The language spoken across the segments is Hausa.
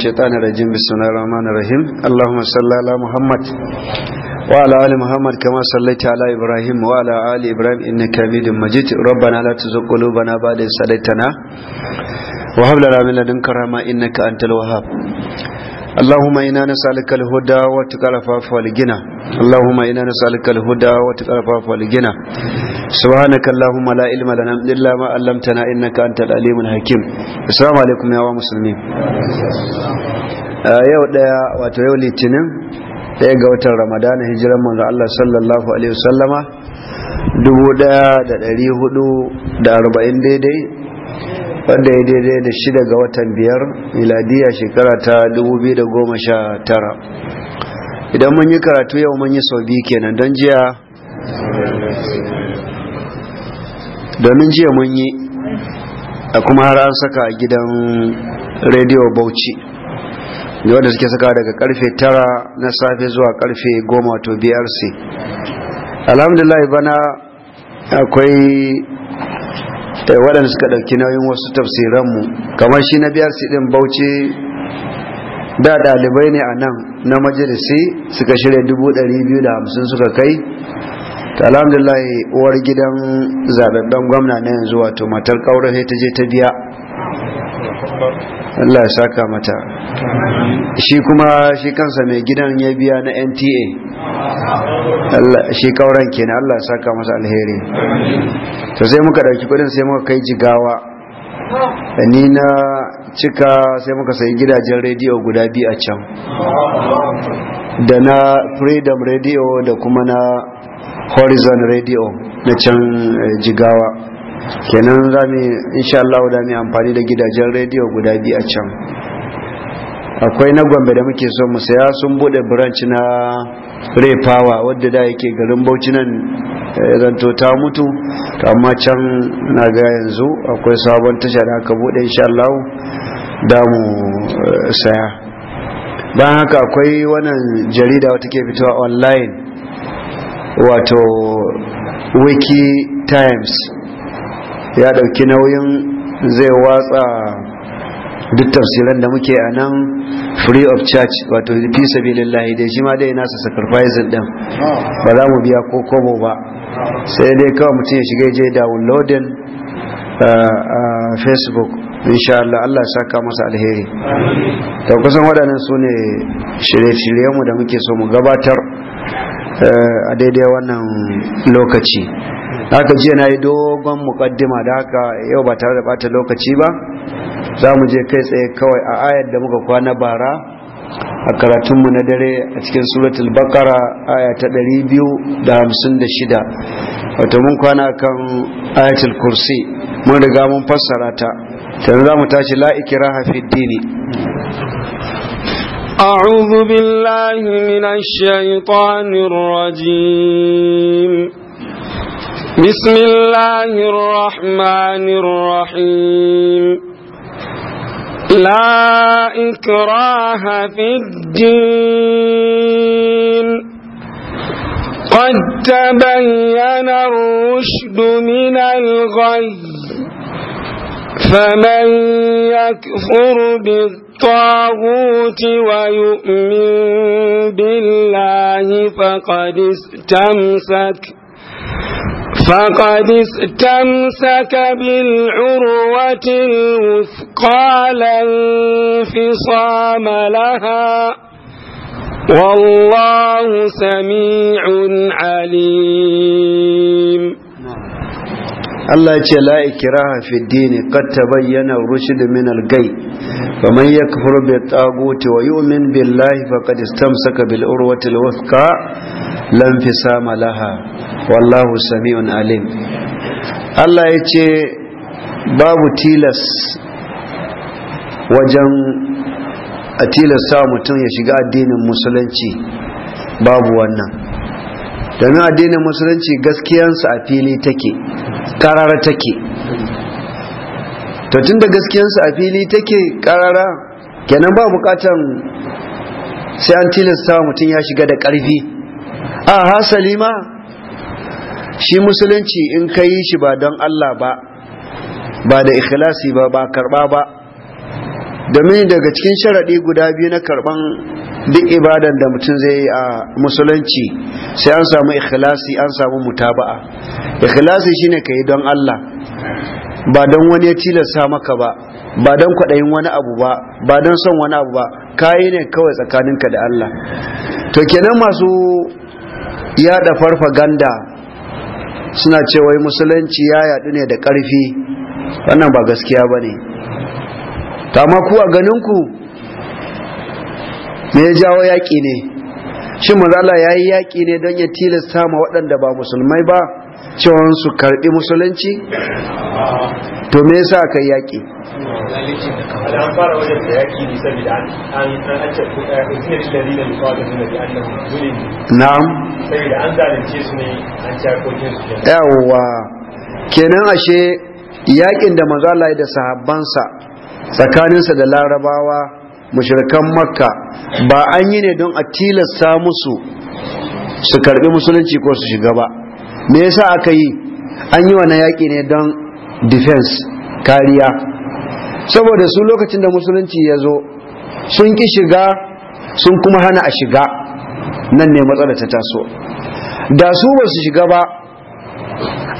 الشيطان الرجيم بسم الله الرحمن الرحيم اللهم صل على محمد وعلى آل محمد كما صليت على إبراهيم وعلى آل إبراهيم إنك حميد مجيد ربنا لا تزغ قلوبنا بعد إذ هديتنا وهب لنا من لدنك رحمة إنك أنت الوهاب اللهم إنا نسألك الهدى والتقرفاف والجنى اللهم إنا نسألك الهدى والتقرفاف والجنى سبحانك اللهم لا علم لنا إلا ما علمتنا إنك أنت العليم الحكيم السلام عليكم يا مسلمين yau daya wato yau litinin daya ga watan ramadana hijiran manzo Allah sallallahu alaihi wasallama 1440 daidai wanda ya daidai da shida ga watan biyar miladiya shekara ta 2019 idan mun yi karatu yau mun yi sau biyu kenan don jiya domin jiya mun yi a kuma har an saka a gidan rediyo bauchi da wanda suke saka daga karfe tara na safe zuwa karfe goma to brc alhamdulillah bana akwai Eh, waɗanda suka ɗauki nauyin wasu tafsiranmu kamar shi na biyar su ɗin bauchi da ɗalibai ne a nan na majalisi suka shirya dubu biyu da ɗari hamsin suka kai alhamdulillah uwar gidan zababben gwamna na yanzu wato matar ƙaurar ta je ta biya Allah ya saka mata shi kuma shi kansa mai gidan ya biya na NTA shi kauran kenan Allah ya saka masa alheri to sai muka ɗauki kudin sai muka kai jigawa ni na cika sai muka sayi gidajen rediyo guda biyu a can da na freedom radio da kuma na horizon radio na can eh, jigawa kenan za mu insha Allah da mu amfani da gidajen rediyo guda biyu a can akwai na Gombe da muke so mu saya sun bude branch na Ray Power wadda da yake garin Bauchi nan eh, zanto ta mutu amma can na ga yanzu akwai sabon tasha da aka bude insha Allah da mu eh, saya bayan haka akwai wannan jarida wata ke fitowa online wato wiki times ya ɗauki nauyin zai watsa duk tafsiran da muke a nan free of charge wato fi sabilillahi dai shi ma dai nasa sacrifice din ba za mu biya ko kobo ba sai dai kawai mutum ya shiga je downloading a uh, uh, facebook insha Allah Allah ya saka masa alheri to kusan waɗannan su ne shirye-shiryenmu da muke so mu gabatar uh, a daidai wannan lokaci haka jiya na yi dogon mukaddima da haka yau ba tare da bata lokaci ba za mu je kai tsaye kawai a ayar da muka kwana bara a karatunmu na dare a cikin suratul bakara aya ta 256 wato mun kwana kan ayatul kursi mun riga mun fassara ta tana za mu tashi la'iki ikraha dini أعوذ بالله من الشيطان الرجيم بسم الله الرحمن الرحيم لا إكراه في الدين قد تبين الرشد من الغي فمن يكفر بالطاغوت ويؤمن بالله فقد استمسك فقد استمسك بالعروة الوثقى لا انفصام لها والله سميع عليم Allah ya ce la ikraha fi dini qad tabayyana rushd min al-gay man yakfur bi at-taghut wa yu'min billahi faqad istamsaka bil urwati al-wuthqa la infisama laha wallahu samiun alim Allah ya ce babu tilas wajen a mutum ya shiga addinin musulunci babu wannan domin addinin musulunci gaskiyansu a fili take karara take to da gaskiyansu a fili take karara kenan ba bukatan sai an tilasta mutum ya shiga da karfi a hasali ma shi musulunci in ka yi shi ba don Allah ba ba da ikhlasi ba ba karba ba Da domin daga cikin sharaɗi guda biyu na karɓan duk ibadan da mutum zai yi a musulunci sai an samu ikhlasi an samu mutaba'a ikhlasi shine ka yi don Allah ba don wani ya tilasta maka ba ba don kwaɗayin wani abu ba ba don son wani abu ba Ka yi ne kawai tsakaninka da Allah to kenan masu yada farfaganda suna cewa musulunci ya yadu ne da ƙarfi wannan ba gaskiya ba ne ta ma ku a ganinku me ya jawo yaƙi ne shi mazala ya yi yaƙi ne don ya tilasta ma waɗanda ba musulmai ba cewa su karɓi musulunci to me yasa aka yi yaƙi na'am yawwa kenan ashe yaƙin da mazala da sahabbansa tsakaninsa da larabawa mashirkan makka ba an yi ne don a tilasta musu su karbi musulunci ko su shiga ba me yasa aka yi an yi wani yaki ne don defense kariya saboda su lokacin da musulunci ya zo sun ki shiga sun kuma hana a shiga nan ne matsala ta taso da su ba su shiga ba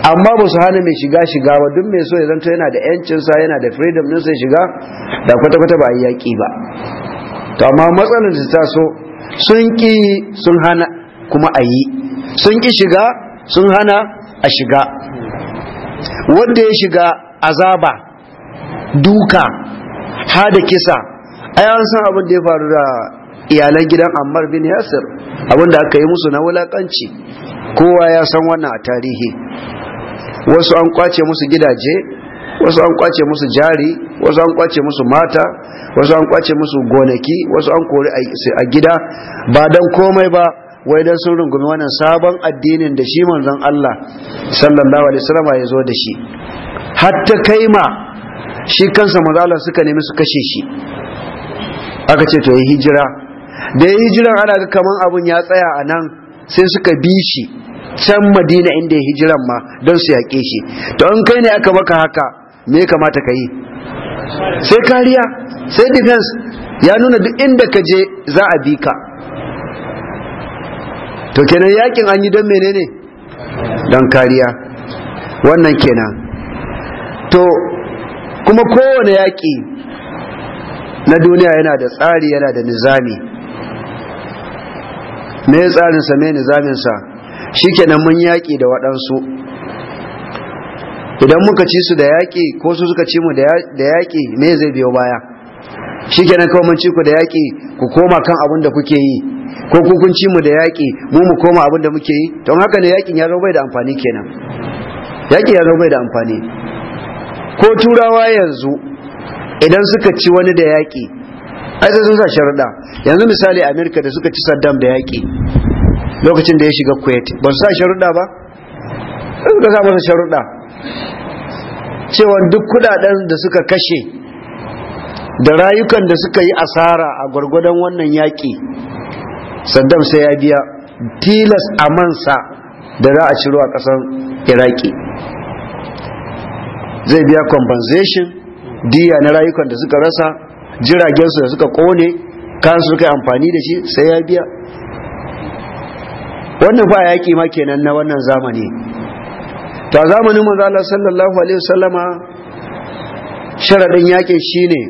amma ba su hana mai shiga shiga ba duk mai so ya zanto yana da yancinsa yana da freedom din sai shiga da kwata-kwata ba a yi yaƙi ba to amma matsalar da ta so sun ƙi sun hana kuma a yi sun ƙi shiga sun hana a shiga wanda ya shiga azaba duka ha kisa ai an san abin da ya faru da iyalan gidan ammar bin yasir abin da aka yi musu na wulakanci kowa ya san wannan a tarihi wasu an kwace musu gidaje wasu an kwace musu jari wasu an kwace musu mata wasu an kwace musu gonaki wasu an kori a gida ba don komai ba wai don sun rungumi wannan sabon addinin da shi manzon Allah sallallahu alaihi wasallam ya zo da shi hatta kaima shi kansa mazala suka nemi su kashe shi aka ce to yi hijira da yi hijiran ana ga kaman abun ya tsaya a nan sai suka bi shi can madina inda ya hijiran ma don su yaƙe shi to in kai ne aka maka haka me kamata ka yi sai kariya sai defense ya nuna duk inda ka je za a bi ka to kenan yakin an yi don menene don kariya wannan kenan to kuma kowane yaƙi na duniya yana da tsari yana da nizami me tsarinsa me nizaminsa shikenan mun yaƙi da waɗansu idan muka ci su da yaƙi ko su suka ci mu da yaƙi me zai biyo baya shikenan kawai mun ci ku da yaƙi ku koma kan abin da kuke yi ko ku kun ci mu da yaƙi mu mu koma abin da muke yi don haka ne yaƙin ya bai da amfani kenan yaƙi ya bai da amfani ko turawa yanzu idan suka ci wani da yaƙi ai sai sun sa sharuɗa yanzu misali amerika da suka ci saddam da yaƙi lokacin da ya shiga kuwait ba su sa sharuɗa ba su ka sa masa sharuɗa cewa duk kudaden da suka kashe da rayukan da suka yi asara a gwargwadon wannan yaƙi saddam sai ya biya tilas a mansa da za a ciro a ƙasar iraki zai biya compensation diya na rayukan da suka rasa jiragensu da suka kone kan kai amfani da shi sai ya biya wannan ba yaƙi ma kenan na wannan zamani ta zamanin manzo Allah sallallahu alaihi wasallama sharadin yaƙin shine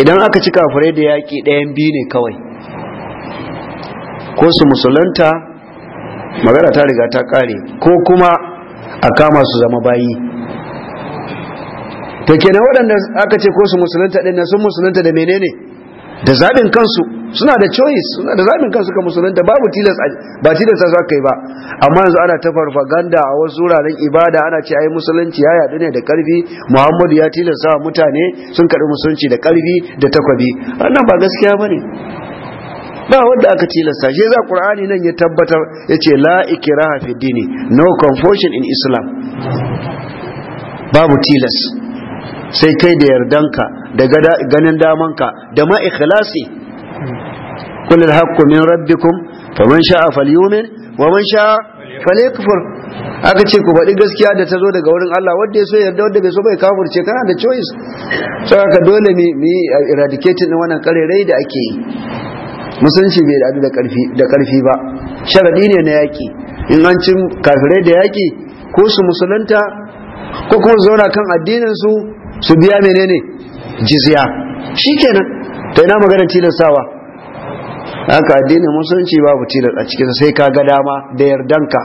idan aka ci kafirai da yaƙi ɗayan biyu ne kawai ko su musulunta magana ta riga ta ƙare ko kuma a kama su zama bayi ta kenan waɗanda aka ce ko su musulunta ɗin sun musulunta da menene da zaɓin kansu suna da choice suna da zamin kansu ka musulunta babu tilas ba tilas sa kai ba amma yanzu ana ta farfaganda a wasu wuraren ibada ana ce ai musulunci ya yadu ne da karfi Muhammadu ya tilasta mutane sun karbi musulunci da karfi da takwabi wannan ba gaskiya bane ba wanda aka tilasta shi za qur'ani nan ya tabbatar yace la ikraha fi dini no confusion in islam babu tilas sai kai da yardanka da ganin damanka da ma ikhlasi قل الحق من ربكم فمن شاء فليؤمن ومن شاء فليكفر aka ce ku faɗi gaskiya da ta zo daga wurin Allah wanda ya so yarda wanda bai so bai kafurce kana da choice sai aka dole mi mi yi din wannan karerai da ake yi musulunci bai da da karfi da karfi ba sharadi ne na yaki in an cin kafirai da yaki ko su musulunta ko kuma zauna kan addinin su su biya menene jizya shikenan To ina magana tilastawa haka addinin musulunci babu tilas a cikin sai ka ga dama da yardanka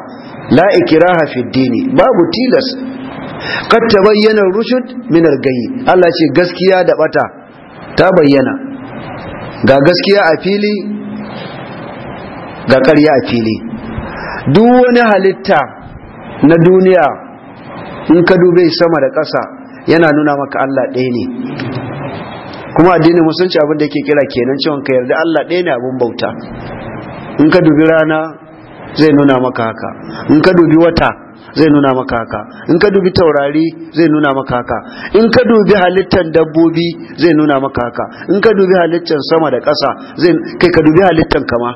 la ikraha fi dini babu tilas Kar tabayyana rushud min al-gayy Allah ce gaskiya da bata ta bayyana ga gaskiya a fili ga ƙarya a fili duk wani halitta na duniya in ka dube sama da ƙasa yana nuna maka Allah ɗaya ne kuma addinin musulunci abin da yake kira kenan cewa ka yarda Allah ɗaya ne abin bauta in ka dubi rana zai nuna maka haka in ka dubi wata zai nuna maka haka in ka dubi taurari zai nuna maka haka in ka dubi halittar dabbobi zai nuna maka haka in ka dubi halittar sama da ƙasa kai ka dubi halittar kama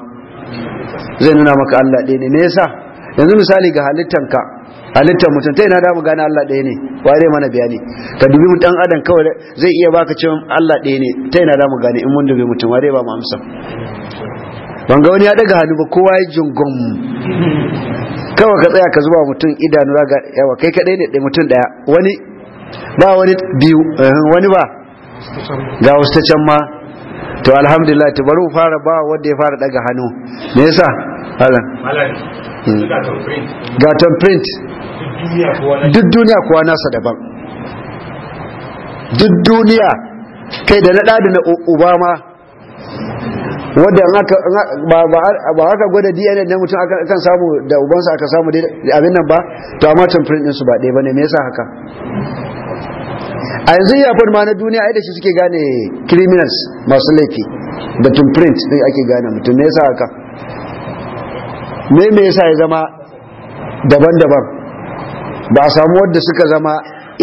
zai nuna maka Allah ɗaya ne me yanzu misali ga halittar ka. halittar mutum ta ina damu gane Allah ɗaya ne wa zai mana bayani ka dubi mu dan adam kawai zai iya baka cewa Allah ɗaya ne ta ina damu gane in mun dubi mutum wa ba mu amsa ban ga wani ya daga hannu ba kowa ya jingon kawai ka tsaya ka zuba mutum idanu ga yawa kai kadai ne mutum daya wani ba wani biyu eh, wani ba ga wasu ta can ma to alhamdulillah ta bari fara ba wanda ya fara daga hannu me yasa hmm. Ga gatan print duk duniya kowa nasa daban duk duniya kai da na ɗadi na obama wadda ba aka gwada dna na mutum akan samu da ubansa aka samu abin nan ba to amma tamfirin ɗinsu ba ɗaya ba ne me yasa haka a yanzu yafon ma na duniya ai da shi suke gane criminals masu laifi da print ne ake gane mutum me yasa haka me me yasa ya zama daban-daban ba a samu wadda suka zama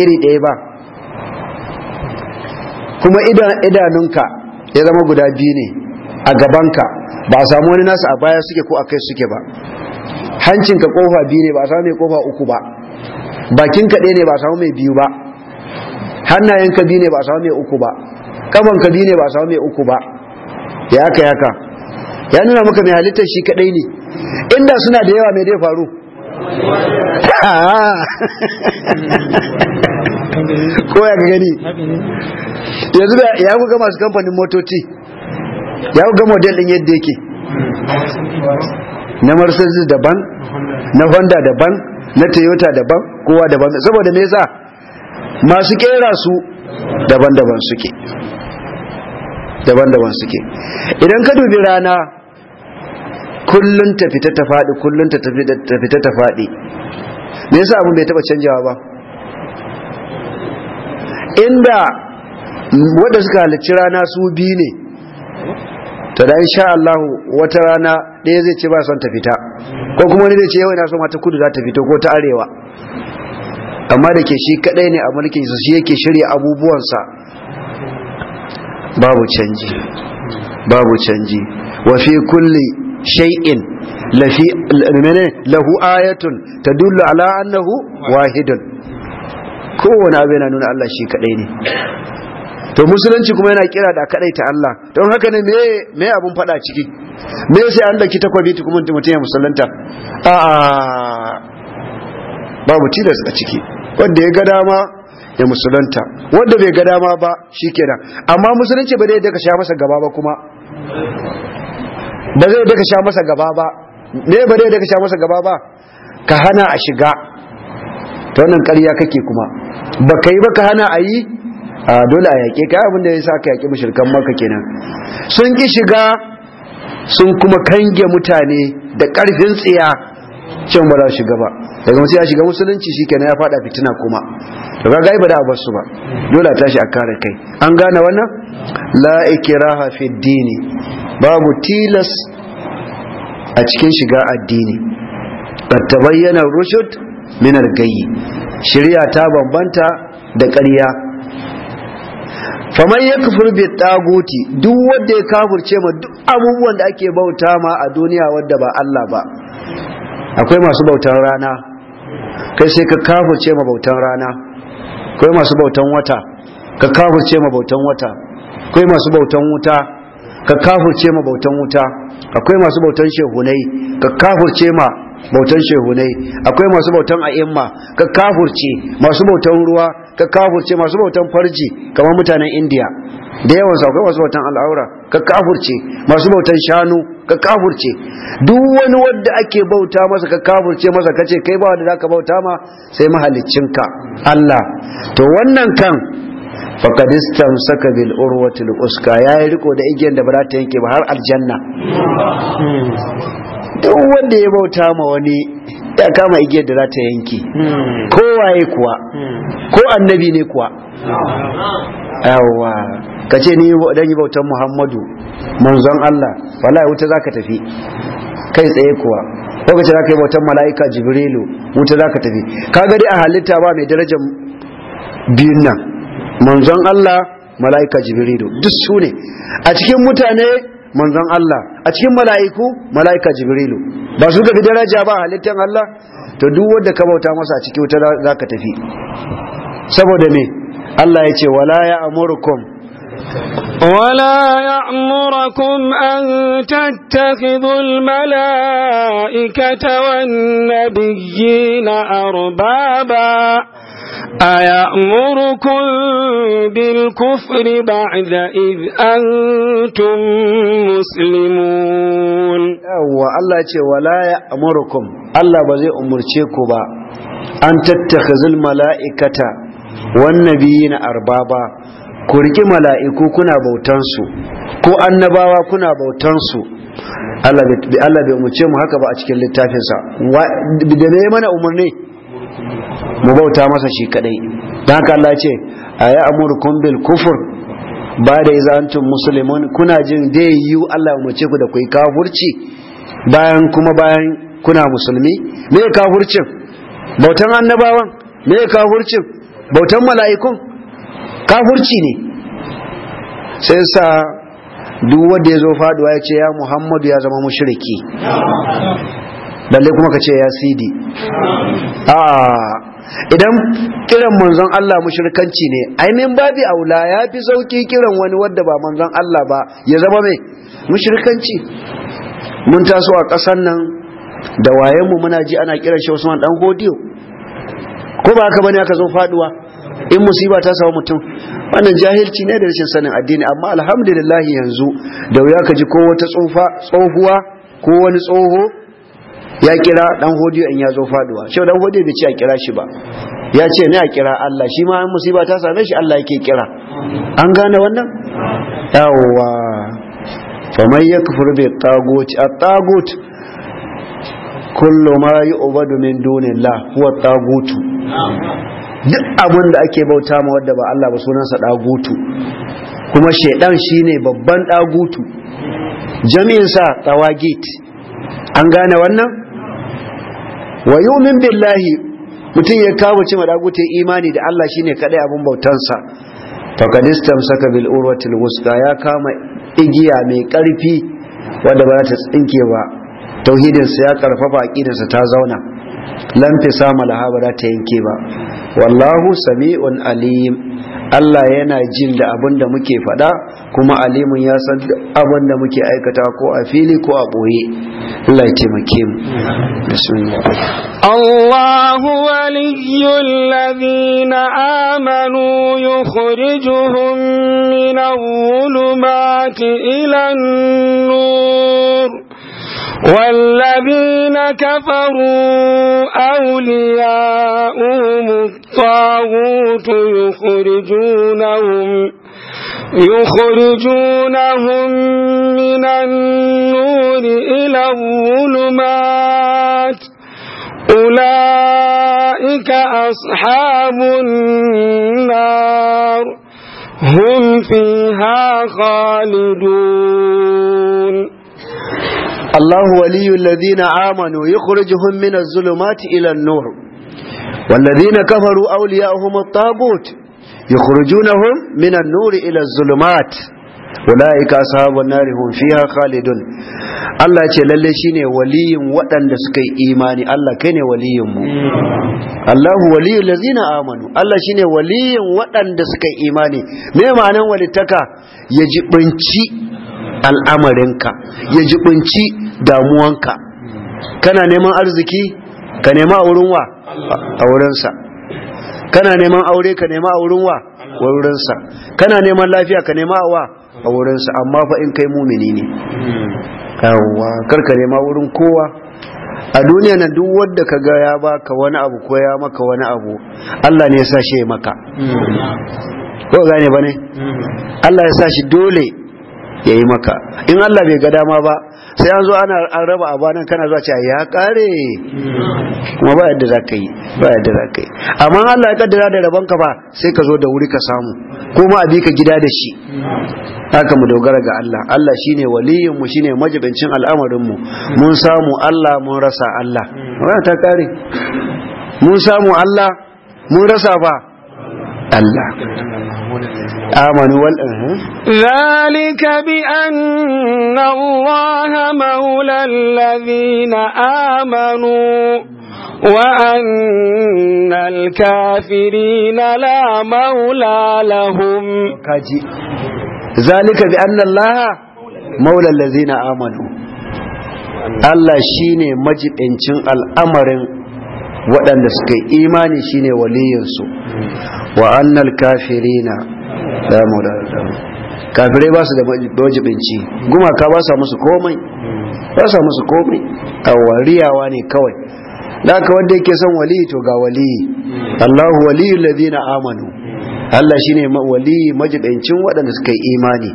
iri ɗaya ba kuma idanunka ya zama guda biyu ne a gabanka ba a samu wani nasu a baya suke ko a kai suke ba hancinka kofa biyu ne ba a samu mai kofa uku ba bakinka ɗaya ne ba a samu mai biyu ba hannayen ka biyu ne ba samu mai uku ba kaban ka biyu ne ba samu mai uku ba ya aka ya ka ya nuna maka mai halittar shi kadai ne inda suna da yawa mai dai faru ko ya ga gani yanzu ya kuka masu kamfanin motoci ya kuka model din yadda yake na mercedes daban na honda daban na toyota daban kowa daban saboda me yasa masu kera su daban-daban suke daban-daban suke idan ka dubi rana kullun ta fita ta faɗi kullun ta fita ta faɗi me yasa abun bai taba canjawa ba inda wanda suka halarci rana su bi ne to da insha Allah wata rana ɗaya zai ce ba son ta fita ko kuma wani zai ce yau ina son mata kudu za ta fito ko ta arewa amma da ke shi kadai ne a mulkin su shi yake shirya abubuwansa babu canji babu canji wa fi kulli shay'in lafi lahu ayatun tadullu ala annahu wahidun kowane abu yana nuna Allah shi kadai ne to musulunci kuma yana kira da kadai ta Allah don haka ne me me abun fada ciki me sai an daki takwabi tukumin mutum ya musulunta a babu tilas a ciki wanda ya ga dama ya musulunta wanda bai ga dama ba shi kenan, amma musulunci ba zai daga sha masa gaba ba kuma ba zai daga sha masa gaba ba ne ba zai daga sha masa gaba ba ka hana a shiga ta wannan ƙarya kake kuma ba ka yi ba ka hana a yi a dole a yaƙe ka abinda ya sa ka yaƙi mashirkan maka kenan sun ƙi shiga sun kuma kange mutane da ƙarfin tsiya cewa ba za su shiga ba daga wasu ya shiga musulunci shi kenan ya fada fitina kuma to ga gaiba da abarsu ba dole a tashi a kare kai an gane wannan la ikraha fi dini babu tilas a cikin shiga addini qad tabayyana rushd min al-gayy shari'a ta bambanta da ƙarya faman yakfur bi taguti duk wanda ya kafirce ma duk abubuwan da ake bauta ma a duniya wadda ba Allah ba akwai masu bautan rana kai sai ka kafurce ma bautan rana akwai masu bautan wata ka kafurce ma bautan wata akwai masu bautan wuta ka kafurce ma bautan wuta akwai masu bautan shehunai ka kafurce ma bautan shehunai akwai masu bautan a'imma ka kafurce masu bautan ruwa ka kafurce masu bautan farji kamar mutanen indiya da yawan su akwai masu bautan al'aura ka kafurce masu bautan shanu ka kafurce duk wani wanda ake bauta masa ka kafurce masa kace kai ba wanda zaka bauta ma sai ka. Allah to wannan kan faƙadistan saka bil urwatil uska ya yi riko da igiyar da ba ta yanke ba har aljanna hmm. duk wanda ya bauta ma wani ya kama igiyar da za ta yanki kowaye kuwa ko annabi ne kuwa yawa ka ce ni dan yi bautan muhammadu manzon allah wallahi wuta za ka tafi kai tsaye kuwa lokacin za ka yi bautan mala'ika jibrilu wuta za ka tafi ka gari a halitta ba mai darajar biyun nan manzon allah mala'ika jibrilu duk su ne a cikin mutane manzon Allah a cikin mala'iku mala'ika jibrilu ba su ga daraja ba halittar Allah to duk wanda ka bauta masa a ciki wuta zaka tafi saboda me Allah ya ce wala ya amurukum ولا يأمركم أن mala'ikata wan nabiyina أربابا أيأمركم بالكفر بعد إذ أنتم مسلمون والله يتي ولا يأمركم الله بزي أمرتكم أن تتخذ الملائكة والنبيين أربابا ku riƙi mala'iku kuna bautansu ko annabawa kuna bautansu Allah bai umarce mu haka ba a cikin littafinsa da ne mana umarni mu bauta masa shi kadai don haka Allah ce a yi amurkum bil kufur ba da iza antum musulmin kuna jin da yi Allah umarce ku da kai kafurci bayan kuma bayan kuna musulmi me kafurcin bautan annabawan me kafurcin bautan mala'ikun kafurci ne sai sa duk wanda ya zo faduwa ya ce ya muhammadu ya zama mushriki lalle kuma ka ce ya sidi a ah, idan kiran manzon Allah mushrikanci ne babu babi aula ya fi sauki kiran wani wadda ba manzon Allah ba ya zama mai mushrikanci mun taso a ƙasar nan da wayenmu muna ji ana kiran shi Usman dan godiyo. ko ba aka bane aka zo faduwa in musiba ta samu mutum wannan jahilci ne da rashin sanin addini amma alhamdulillah yanzu da wuya ka ji ko wata tsofa tsohuwa ko wani tsoho ya kira dan hodiyo in ya zo faduwa shi dan hodiyo bai ce a kira shi ba ya ce ne a kira Allah shi ma musiba ta same shi Allah yake kira an gane wannan yawwa faman yakfur bi tagut at-tagut kullu ma yu'badu min dunillah huwa at-tagut duk abin da ake bauta ma wanda ba Allah ba sunansa dagutu kuma shedan shine babban dagutu jami'in sa tawagit an gane wannan wa yu'min billahi mutum ya kawo cewa da gute imani da Allah shi ne kadai abin bautansa to kadistam saka bil urwatil wusta ya kama igiya mai karfi wanda ba ta tsinke ba tauhidinsa ya karfafa aqidar sa ta zauna lam fi sama laha ta yanke ba wallahu sami'un alim Allah yana jin da abin da muke faɗa kuma alimun ya san abin da muke aikata ko a fili ko a ɓoye Allah ya taimake mu Allahu waliyyul ladina amanu yukhrijuhum min adh ila an-nur والذين كفروا أولياؤهم الطاغوت يخرجونهم يخرجونهم من النور إلى الظلمات أولئك أصحاب النار هم فيها خالدون الله ولي الذين آمنوا يخرجهم من الظلمات إلى النور والذين كفروا أولياءهم الطاغوت يخرجونهم من النور إلى الظلمات ulaika ashabun nari hum fiha khalidun Allah ce lalle shine waliyin waɗanda suka yi imani Allah kai ne waliyin mu Allahu waliyul ladzina amanu Allah shine waliyin waɗanda suka yi imani me ma'anan walittaka ya jibinci al'amarinka ya jibinci damuwanka kana neman arziki ka nema a wurin wa a wurinsa kana neman aure ka nema a wurin wa wurinsa kana neman lafiya ka nema a wa a wurinsa amma fa in kai mumini ne yawwa karka nema wurin kowa a duniya na duk wanda ka ga ya baka wani abu ko ya maka wani abu Allah ne ya sa shi ya maka ko gane ba ne mm. Allah ya sa shi dole ya yi maka in Allah bai ga dama ba sai an zo ana an raba abanan kana zuwa cewa ya kare kuma ba yadda za ka yi ba yadda za ka yi amma Allah ya kaddara da rabon ka ba sai ka zo da wuri ka samu kuma a bi ka gida da shi haka mu dogara ga Allah Allah shine waliyin mu shine majibincin al'amarin mu mun samu Allah mun rasa Allah wannan ta kare mun samu Allah mun rasa ba Allah amanu wal zalika bi anna Allah lazi na amanu wa an al na la maula lahum kaji zalika bi an anna Allah lazi na amanu Allah shi shine majibincin al'amarin waɗanda suka yi imani shine waliyinsu wa annal kafirina na damu da kafirai ba su da wajibinci gumaka ba sa musu komai ba sa musu komai a wariyawa ne kawai da aka wanda yake son waliyi to ga waliyi Allahu Waliyu waliyul na amanu Allah shine waliyi majibincin waɗanda suka yi imani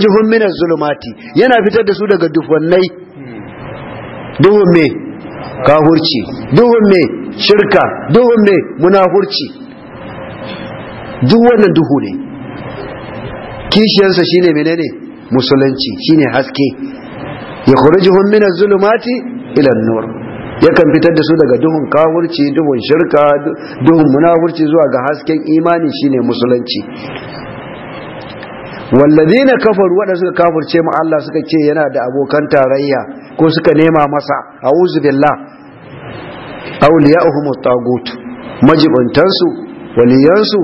jihun minar zulumati yana fitar da su daga dufannai duhun mai kahurci duhun me shirka duhun me munahurci duk wannan duhu ne kishiyarsa shine menene musulunci shine haske ya khurijuhum min az-zulumati ilan nur yakan fitar da su daga duhun kahurci duhun shirka duhun munahurci zuwa ga hasken imani shine musulunci wallazina kafaru wanda suka kafirce mu Allah suka ce yana da abokan tarayya ko suka nema masa a'udhu billah awliya'uhum at-tagut majibantansu waliyansu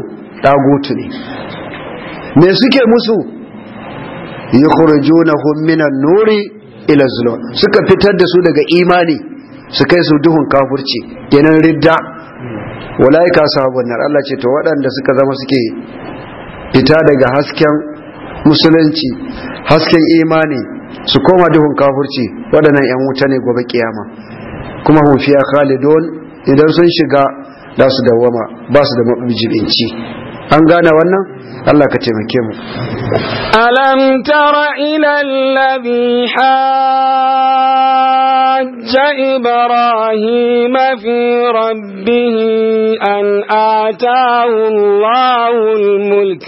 tagut ne me suke musu yukhrijunahum minan nuri ila zulum suka fitar da su daga imani su kai su duhun kafirci kenan ridda walaika sahabun nar Allah ce to waɗanda suka zama suke fita daga hasken musulunci hasken imani su koma duhun kafurci waɗannan 'yan wuta ne gobe kiyama kuma hun fiya khalidun idan sun shiga da su dawama ba su da mabijibinci an gane wannan Allah ka taimake mu alam tara ila alladhi hajja ibrahim fi rabbih an ataahu allahul mulk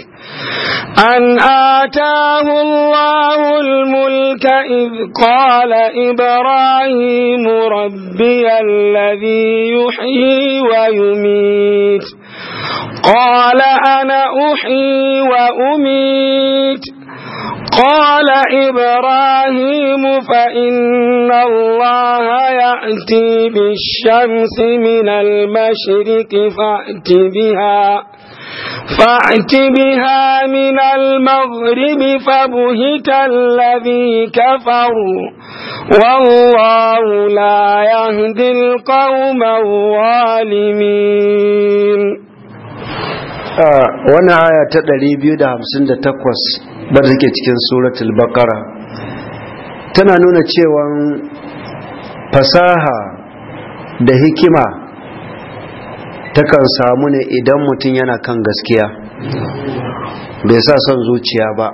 أن آتاه الله الملك إذ قال إبراهيم ربي الذي يحيي ويميت قال أنا أحيي وأميت قال إبراهيم فإن الله يأتي بالشمس من المشرق فأت بها فأت بها من المغرب فبهت الذي كفر والله لا يهدي القوم الظالمين wannan aya ta ɗari 258 bar take cikin suratul bakara, tana nuna cewa fasaha da hikima takan samu ne idan mutum yana kan gaskiya bai sa son zuciya ba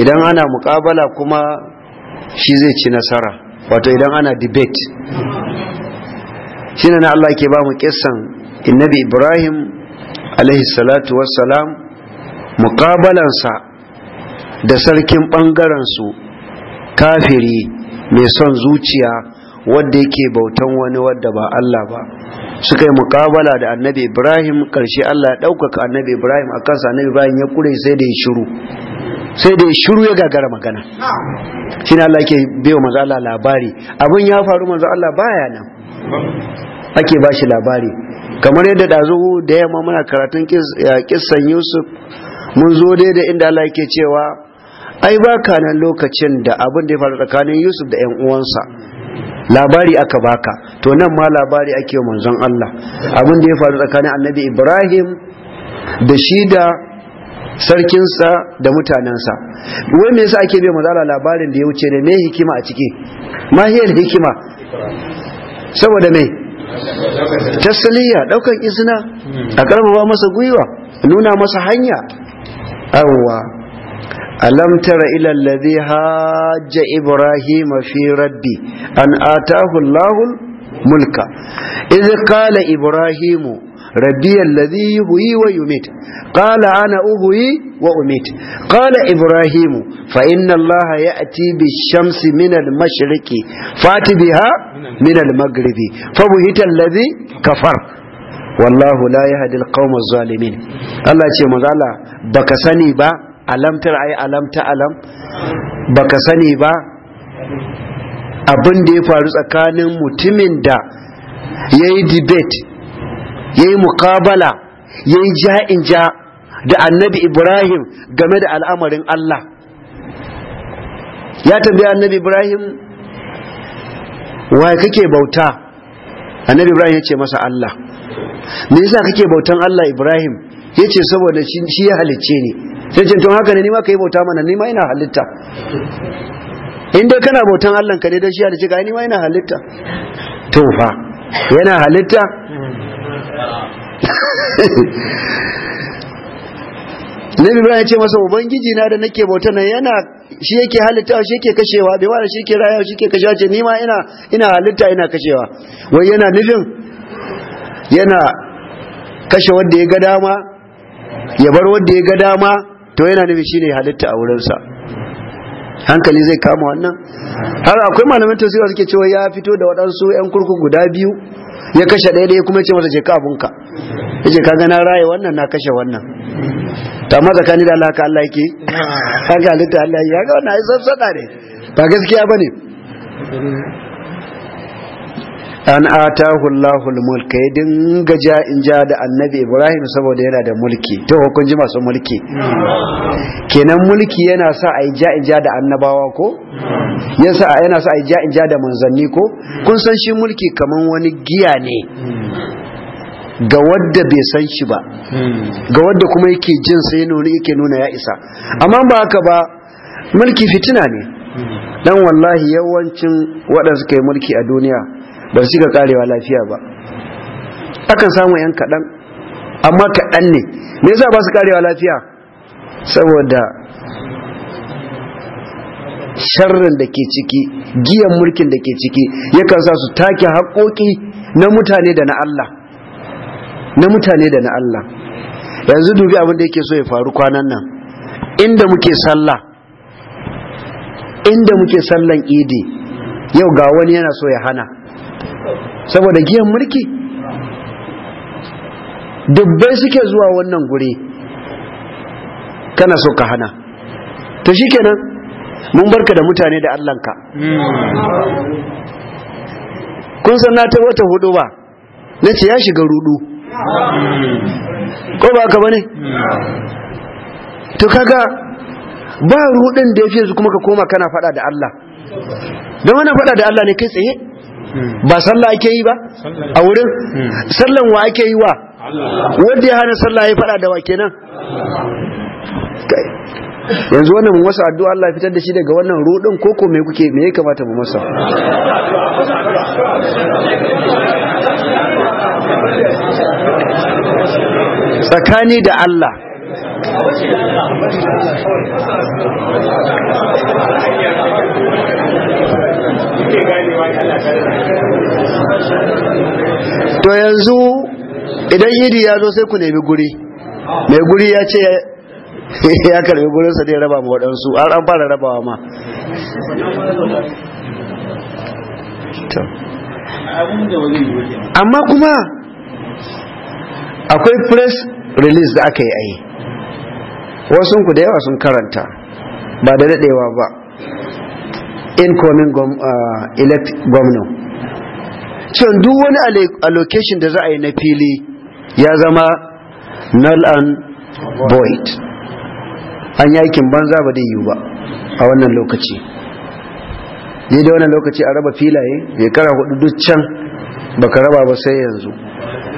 idan ana mukabala kuma shi zai ci nasara wato idan ana debate shine na Allah ke ba mu kissan annabi Ibrahim alaihi salatu wassalam mukabalansa da sarkin bangaren su kafiri mai son zuciya wadda yake bautan wani wadda ba Allah ba suka yi mukabala da annabi Ibrahim karshe Allah ya ɗaukaka annabi Ibrahim a kansa annabi Ibrahim ya kure sai da ya shiru sai da ya shiru ya gagara magana shi Allah ke biyo manzo Allah labari abin ya faru manzo Allah baya nan ake ba shi labari kamar yadda dazu da yamma muna karatun kissan Yusuf mun zo dai da inda Allah yake cewa ai ba nan lokacin da abin da ya faru tsakanin Yusuf da 'yan uwansa labari aka baka to nan ma labari ake manzon Allah abin da ya faru tsakanin annabi Ibrahim da shi da sarkinsa da mutanensa wai me yasa ake bai mazala labarin da ya wuce ne me hikima a ciki ma hikima saboda me tasliya daukan izina a karfafa masa gwiwa nuna masa hanya awwa ألم تر إلى الذي هاج إبراهيم في ربي أن آتاه الله الملك إذ قال إبراهيم ربي الذي يهوي ويميت قال أنا أهوي وأميت قال إبراهيم فإن الله يأتي بالشمس من المشرق فات بها من المغرب فبهت الذي كفر wallahu la yahdi alqawma zalimin Allah ce manzo Allah baka sani ba alamtar ai alamta alam baka sani ba abin da ya faru tsakanin mutumin da ya yi debate ya yi mukabala ya yi ja'inja da annabi ibrahim game da al'amarin allah ya tambaya annabi ibrahim waye kake bauta annabi ibrahim ya ce masa allah me yasa kake bautan allah ibrahim ya ce saboda shi ya halicce ni sai ce tun haka ne nima ka yi bauta mana nima ina halitta in dai kana bautan Allah ka ne don shi ce ka nima ina halitta to fa yana halitta Nabi Ibrahim ya ce masa ubangiji na da nake bauta nan yana shi yake halitta shi yake kashewa bai wani shi yake rayuwa shi yake kashewa ce nima ina ina halitta ina kashewa wai yana nufin yana kashe wanda ya ga dama ya bar wanda ya ga dama to yana nufi shine halitta a sa hankali zai kama wannan har akwai malamin tafsira suke cewa ya fito da waɗansu 'yan kurkuku guda biyu ya kashe ɗaya ɗaya kuma ce masa je ka abunka yace ka ka na raye wannan na kashe wannan ta ma tsakani da Allah ka Allah yake haka halitta Allah ya ga wannan ai sassaka ne ba gaskiya bane an atahu Allahul mulk ya dinga ja in ja da annabi Ibrahim saboda yana da mulki to hukun ji masu mulki kenan mulki yana sa a ja in ja da annabawa ko yasa yana sa a ja in ja da manzanni ko kun san shi mulki kaman wani giya ne ga wadda bai san shi ba ga wadda kuma yake jin sai nuna yake nuna ya isa amma ba haka ba mulki fitina ne dan wallahi yawancin waɗanda suka yi mulki a duniya ba su ga karewa lafiya ba akan samu yan kaɗan amma kaɗan ne me yasa ba su karewa lafiya saboda sharrin da ke ciki giyan mulkin da ke ciki yakan sa su take haƙoƙi na mutane da na Allah na mutane da na Allah yanzu dubi abin da yake so ya faru kwanan nan inda muke sallah inda muke sallan idi yau ga wani yana so ya hana saboda giyan mulki dubbai suke zuwa wannan guri kana so ka hana to kenan mun barka da mutane da allanka kun san na taɓa wata hudu ba na ce ya shiga rudu ko ba ka bane to kaga ba rudin da ya fiye kuma ka koma kana faɗa da Allah don wani faɗa da Allah ne kai tsaye ba sallah ake yi ba a wurin sallan wa ake yi wa wanda ya hana sallah ya fada da wa kenan yanzu wannan mun wasa addu'a Allah fitar da shi daga wannan rudin koko me kuke me ya kamata mu masa tsakani da Allah to yanzu idan idi ya zo sai ku nemi guri mai guri ya ce ya karbi gurinsa dai raba waɗansu har an fara rabawa ma amma kuma akwai press release da aka yi ai wasu ku da yawa sun karanta ba da daɗewa ba incoming uh, elect gwamna so duk wani allocation da za a yi na fili ya zama null and void an yakin banza ba da yiwu ba a wannan lokaci ne da wannan lokaci a raba filaye ya kara hudu duk can baka raba ba sai yanzu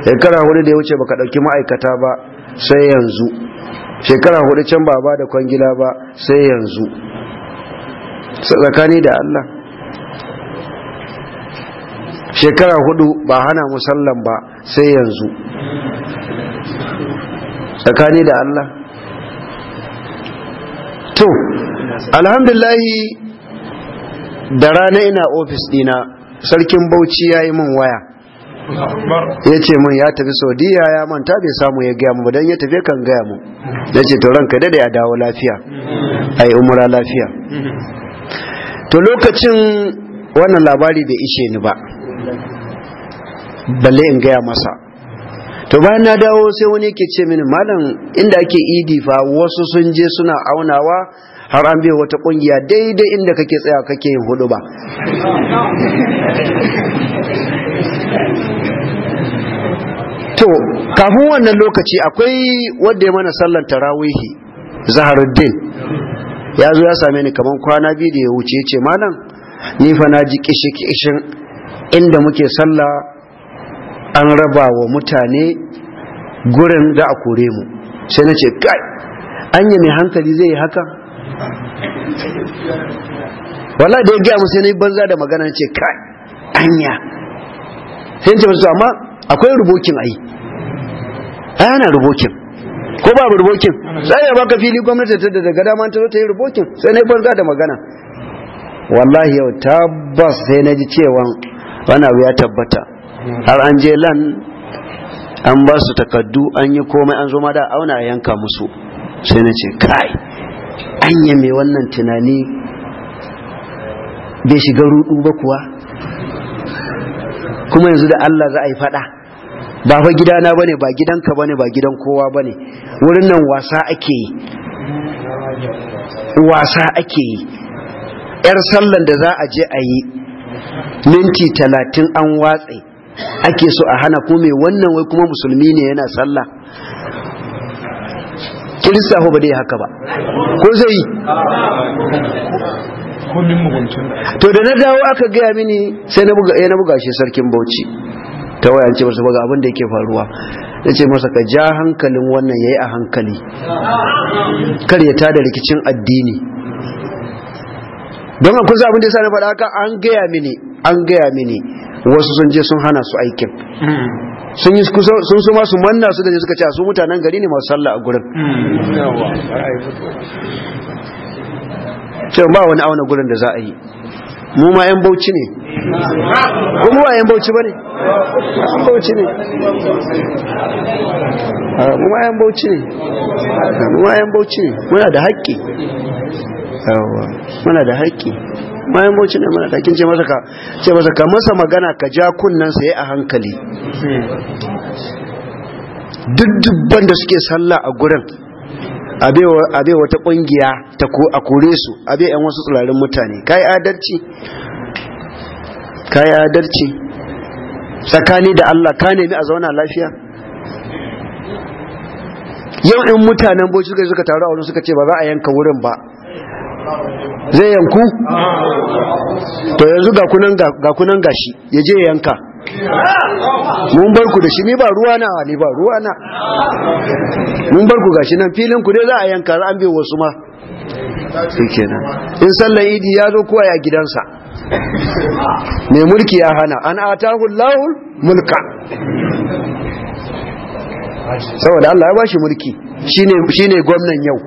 shekara hudu da ya wuce baka dauki ma'aikata ba sai yanzu shekara hudu can ba ba da kwangila ba sai yanzu tsakani da Allah shekara hudu ba hana musallan ba sai yanzu tsakani da Allah to alhamdulahi da rana ina ofis dina sarkin bauchi ya yi min waya ya ce min ya tafi saudiya ya manta bai samu ya gaya mu don ya tafi kan gaya mu Ya ce to ranka dada ya dawo lafiya a yi umura lafiya to lokacin wannan labari bai ishe ni ba balle in gaya masa to bayan na dawo sai wani yake ce mini malam inda ake idi fa wasu sun je suna aunawa har an biya wata kungiya daidai inda kake tsaya kake yin hudu ba to kafin wannan lokaci akwai wanda ya mana sallar tarawihi zaharuddin ya zo ya same ni kaman kwana biyu da ya wuce ce malam ni fa na ji kishi kishin inda muke sallah an raba wa mutane gurin da a kore mu sai na ce kai anya mai hankali zai yi haka wala da ya gaya mu sai na yi banza da magana ce kai anya sai ce masu amma akwai rubokin ai ana rubokin ko ba rubokin sai ya baka fili gwamnati ta daga dama ta zo ta yi rubokin sai na yi banza da magana wallahi yau tabbas sai na ji cewa wani abu ya tabbata har an je lan an ba su takaddu an yi komai an zo ma da auna a yanka musu sai na ce kai an yi mai wannan tunani bai shiga rudu ba kuwa kuma yanzu da Allah za a yi fada ba fa gidana bane ba gidanka bane ba gidan kowa bane wurin nan wasa ake yi wasa ake yi yar sallan da za a je a yi minti talatin an watse ake so a hana ko wannan wai kuma musulmi ne yana sallah kirista ba dai haka ba ko zai yi? to da na dawo aka gaya mini sai na buga eh, shi sarkin bauchi ta waya ce masa ga abin da yake faruwa ya ce masa ka ja hankalin wannan ya yi a hankali kar ya tada rikicin addini don kun abin da ya sani na faɗa haka an gaya mini an gaya mini wasu sun je sun hana su aikin sun yi sun su masu manna su da ne suka ce su mutanen gari ne masu sallah a gurin ce ba wani auna gurin da za a yi mu ma 'yan bauchi ne kuma ba yan bauchi bane bauchi ne kuma ah, yan bauchi ne kuma yan bauchi ne muna da haƙƙi muna da haƙƙi bayan bauchi ne da haƙƙin ce masa ka ce masa ka masa magana ka ja kunnan sa a hankali duk dubban da suke sallah a gurin abe wata kungiya ta a kore su abe yan wasu tsularin mutane kai adalci ka yi adalci tsakani da Allah ka nemi a zauna lafiya yau in mutanen boci suka suka taru a wurin suka ce ba za a yanka wurin ba zai yanku to yanzu ga kunan gashi ya je yanka mun bar ku da shi ni ba ruwa na ni ba ruwa na mun bar ku gashi nan filin ku ne za a yanka za an biyo wasu ma in sallan idi ya zo kowa ya gidansa mai mulki ya hana an atahu lahul mulka saboda Allah ya bashi mulki shine gwamnan yau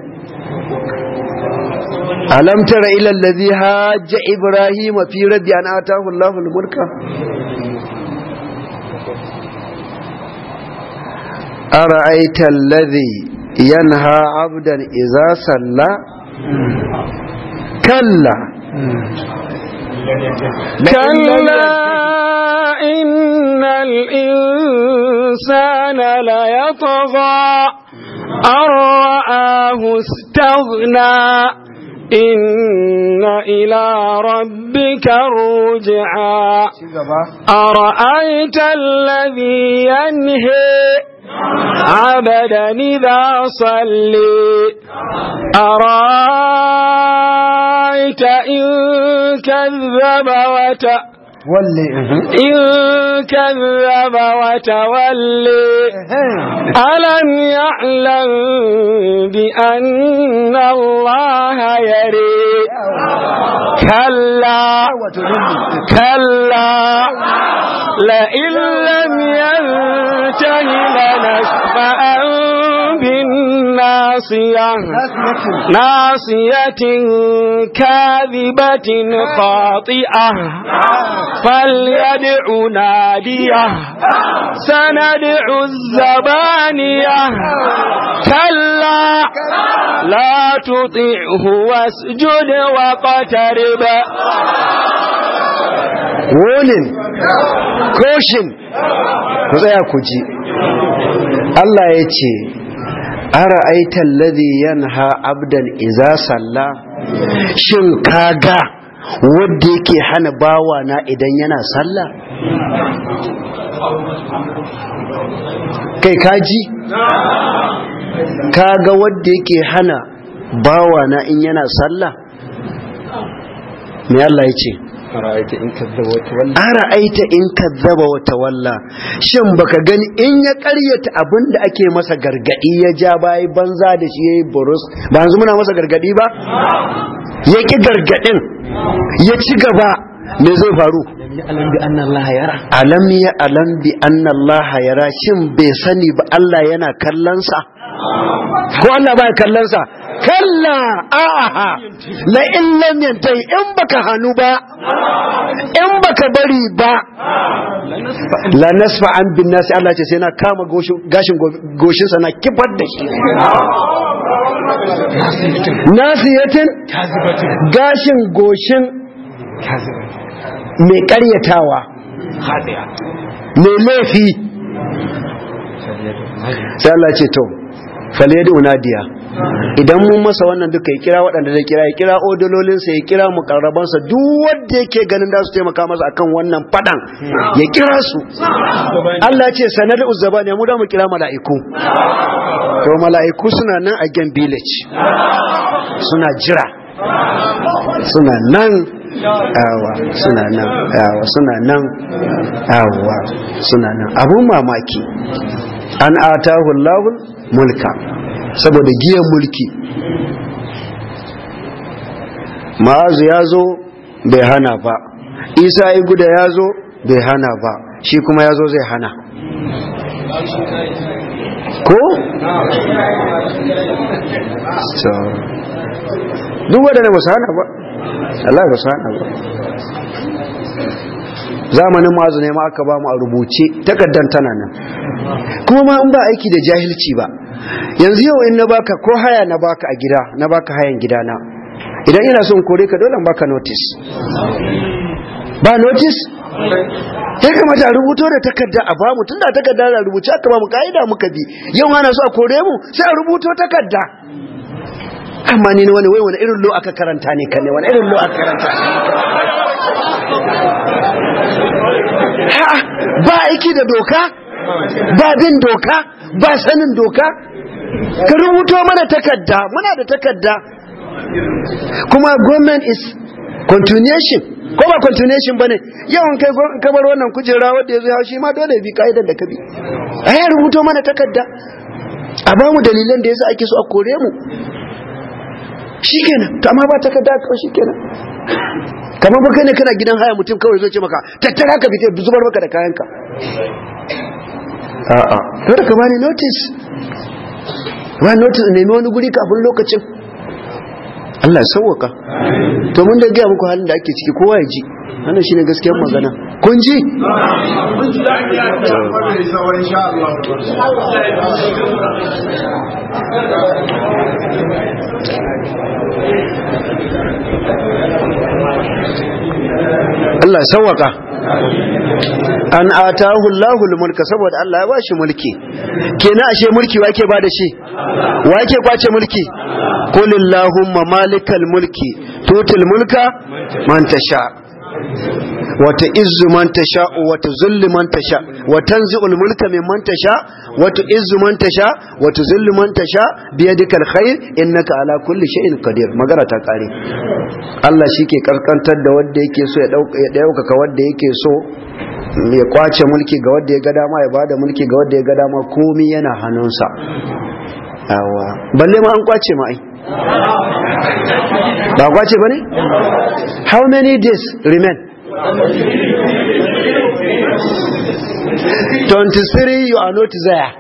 alam tara ila allazi hajja ibrahima fi rabbi an atahu allahul mulka ara'aita allazi yanha abdan iza salla kalla كلا إن الإنسان ليطغى أن رآه استغنى إن إلى ربك الرجعى أرأيت الذي ينهي عبدا إذا صلي أرأيت إن كذب وتأ إن كذب وتولي إيه. ألم يعلم بأن الله يري كلا كلا لئن لم ينتهي لنسفأ ناسية ناسية كاذبة خاطئة فليدع نادية سندع الزبانية كلا لا تطعه واسجد واقترب warning caution ku tsaya ku ji Allah ya ce ara'aita alladhi yanha abdan iza salla shin kaga wanda yake hana bawa na idan yana salla kai kaji kaga wanda yake hana bawa na in yana salla me Allah ya ce ra'aita in kazzaba wa tawalla shin baka gani in ya karyata abin da ake masa gargadi ya ja bayi banza da shi yayi burus ba yanzu muna masa gargadi ba ya ki gargadin ya ci gaba me zai faru alam ya alam bi anna Allah yara shin bai sani ba Allah yana kallansa sa ko Allah baya ya sa kalla a'a la in lam yantai in baka hanu ba in baka bari ba la nasfa an bin nasi Allah ce sai na kama gashin goshin sa na kifar da shi nasiyatin gashin goshin mai karyatawa mai laifi sai Allah ce to faledi unadiya idan mun masa wannan duka ya kira waɗanda zai kira ya kira odololinsa ya kira mukarrabansa duk wanda yake ganin da su taimaka masa akan wannan fadan ya kira su Allah ce sanar uzaba ne mu da mu kira mala'iku to mala'iku suna nan a gen village suna jira suna nan awa suna nan awa suna nan awa suna nan abun mamaki an atahu lahul mulka saboda giyan mulki ma'azu ya zo bai hana ba isa iguda ya zo bai hana ba shi kuma ya zo zai hana ko? duk waɗanda ba su hana ba Allah ba su hana ba zamanin ma'azu ne ma aka ba mu a rubuce takardar tana nan kuma ma in ba aiki da jahilci ba yanzu yau in na baka ko haya na baka a gida na baka hayan gidana idan ina son kore ka dole baka notice ba notice ya kamata a rubuto da takarda a bamu tunda takarda na rubuce aka bamu ka'ida muka bi yau ana so a kore mu sai a rubuto takarda kama ne wani wai wani irin lo aka karanta ne kane wani irin lo aka karanta ba aiki da doka ba bin doka ba sanin doka ka rubuto mana takarda muna da takarda kuma government is continuation ko ba continuation ba ne yawan kai kamar wannan kujera wadda ya zo haushi ma dole bi ka'idar da ka bi a eh, yi rubuto mana takarda a ba mu dalilan da ya ake so a kore mu shi kenan ta ma ba takarda kawai shi kenan kamar ba ne kana gidan haya mutum kawai zo ce maka tattara ka fice zubar maka da kayanka a'a dole ka ni notice ba notice mai wani guri kafin lokacin Allah ya sauwaka to mun da gaya muku halin da ake ciki kowa ya ji wannan shine gaskiyar magana kun ji Allah ya sauwaka an atahu Allahu mulka saboda Allah ya bashi mulki kenan ashe mulki wake ba da shi wake kwace mulki ma malikal mulki tutul mulka man tasha wa ta'izzu man tasha wa tuzillu man tasha wa tanzi'ul mulka mimman tasha wa tu'izzu man tasha wa tuzillu man tasha bi yadikal khair innaka ala kulli shay'in qadir magana ta kare Allah shi ke karkantar da wanda yake so ya dauka ya dauka wanda yake so ya kwace mulki ga wanda ya ga dama ya bada mulki ga wanda ya ga dama komai yana hannunsa awa balle ma an kwace ma ai ba kwace ba ne? how many days remain? 23 you are not there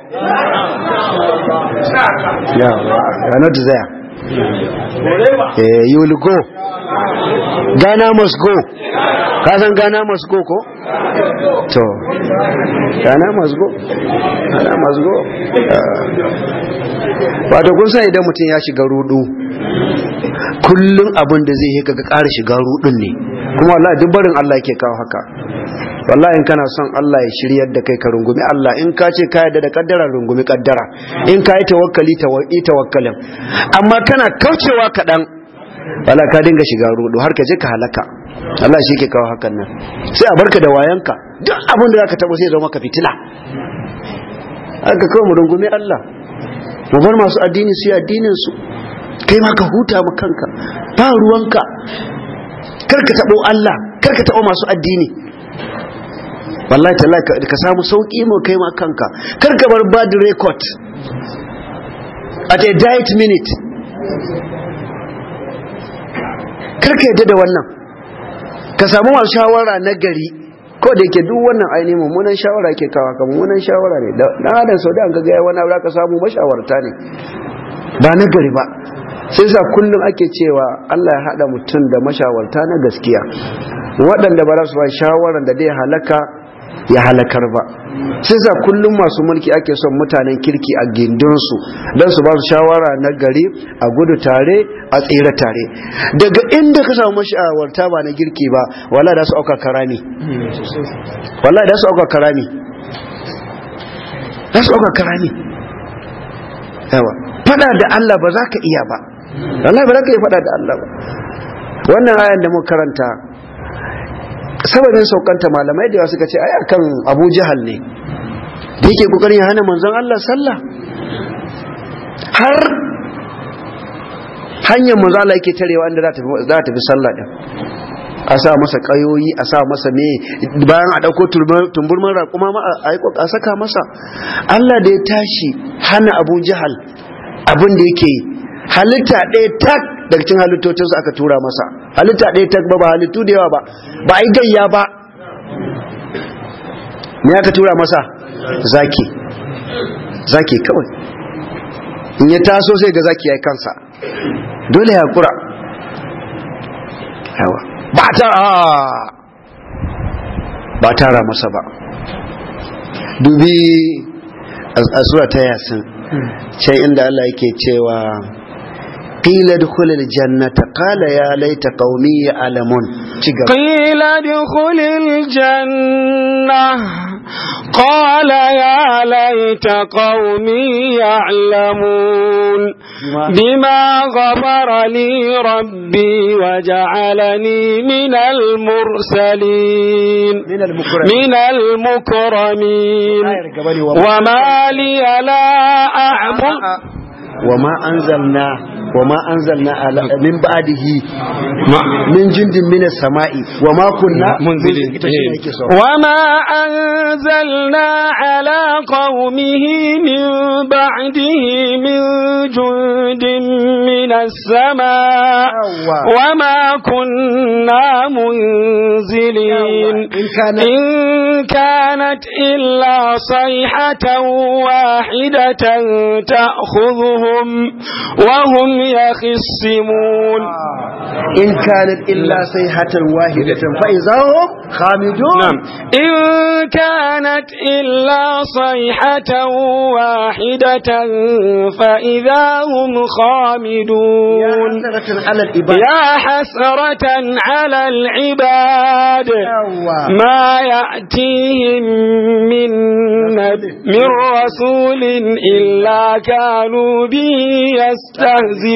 yeah, you are not there eh you will go Ghana must go kasan Ghana must go ko to Ghana must go Ghana must go eh, wato kun san idan mutum ya shiga rudu kullum abin da zai yi kaga ƙara shiga rudun ne kuma wallahi duk barin Allah yake kawo haka wallahi in kana son Allah ya shiryar da kai ka rungumi Allah in ka ce ka yarda da kaddara rungumi kaddara in ka yi tawakkali tawakkalin amma kana kaucewa kaɗan wala ka dinga shiga rudu har ka je ka halaka Allah shi ke kawo hakan nan sai a barka da wayanka duk abin da zaka tabo sai zama ka fitila. Haka ko mu rungumi Allah mu bar masu addini su addinin su kai ma ka huta ma kanka ba ruwanka kar tabo Allah karka ka tabo masu addini wallahi tallahi ka samu sauki mu kai ma kanka kar ka bar bad record at a diet minute kar ka yadda da wannan ka samu wa shawara na gari ko da yake duk wannan ainihin mummunan shawara ke kawa ka mummunan shawara ne da adam sau da an ga wani abu ka samu mashawarta ne ba na gari ba sai sa kullum ake cewa Allah ya haɗa mutum da mashawarta na gaskiya waɗanda ba za su ba shawaran da dai halaka ya halakar ba sai za kullum masu mulki ake son mutanen kirki a gindinsu don su ba su shawara na gari a gudu tare a tsira tare daga inda ka samu mashawarta ba na girki ba wala da su auka karami wala da su auka karami da su auka karami yawa fada da Allah ba za ka iya ba wallahi ba za ka iya fada da Allah ba wannan ayan da mu karanta sababin saukanta malamai da suka ce ai akan Abu ne da yake kokarin hana manzon Allah sallah har hanyar manzon Allah yake tarewa inda za ta fi sallah din a sa masa kayoyi a sa masa me bayan a dauko tumburman raƙuma ma a saka masa Allah da ya tashi hana Abu abin da yake halitta ɗaya tak daga cin halittocinsu aka tura masa halitta ɗaya tak ba ba halittu da yawa ba ba a yi gayya ba me aka tura masa zaki zaki kawai in ya taso sai ga zaki ya yi kansa dole ya kura ba ta ah! ba tara masa ba dubi a tsura ta yasin hmm. can inda Allah yake cewa قيل ادخل الجنة قال يا ليت قومي يعلمون قيل ادخل الجنة قال يا ليت قومي يعلمون بما غفر لي ربي وجعلني من المرسلين من المكرمين وما لي لا أعبد وما أنزلنا wa anzalna ala min ba'dihi min jindin min samai wa ma kunna munzilin ita anzalna ala qaumihi min ba'dihi min jundin min as-sama'i wa illa sayhatan wahidatan ta wa يخصمون إن كانت إلا صيحة واحدة فإذا هم خامدون نعم إن كانت إلا صيحة واحدة فإذا هم خامدون يا حسرة على العباد ما يأتيهم من, من رسول إلا كانوا به يستهزئون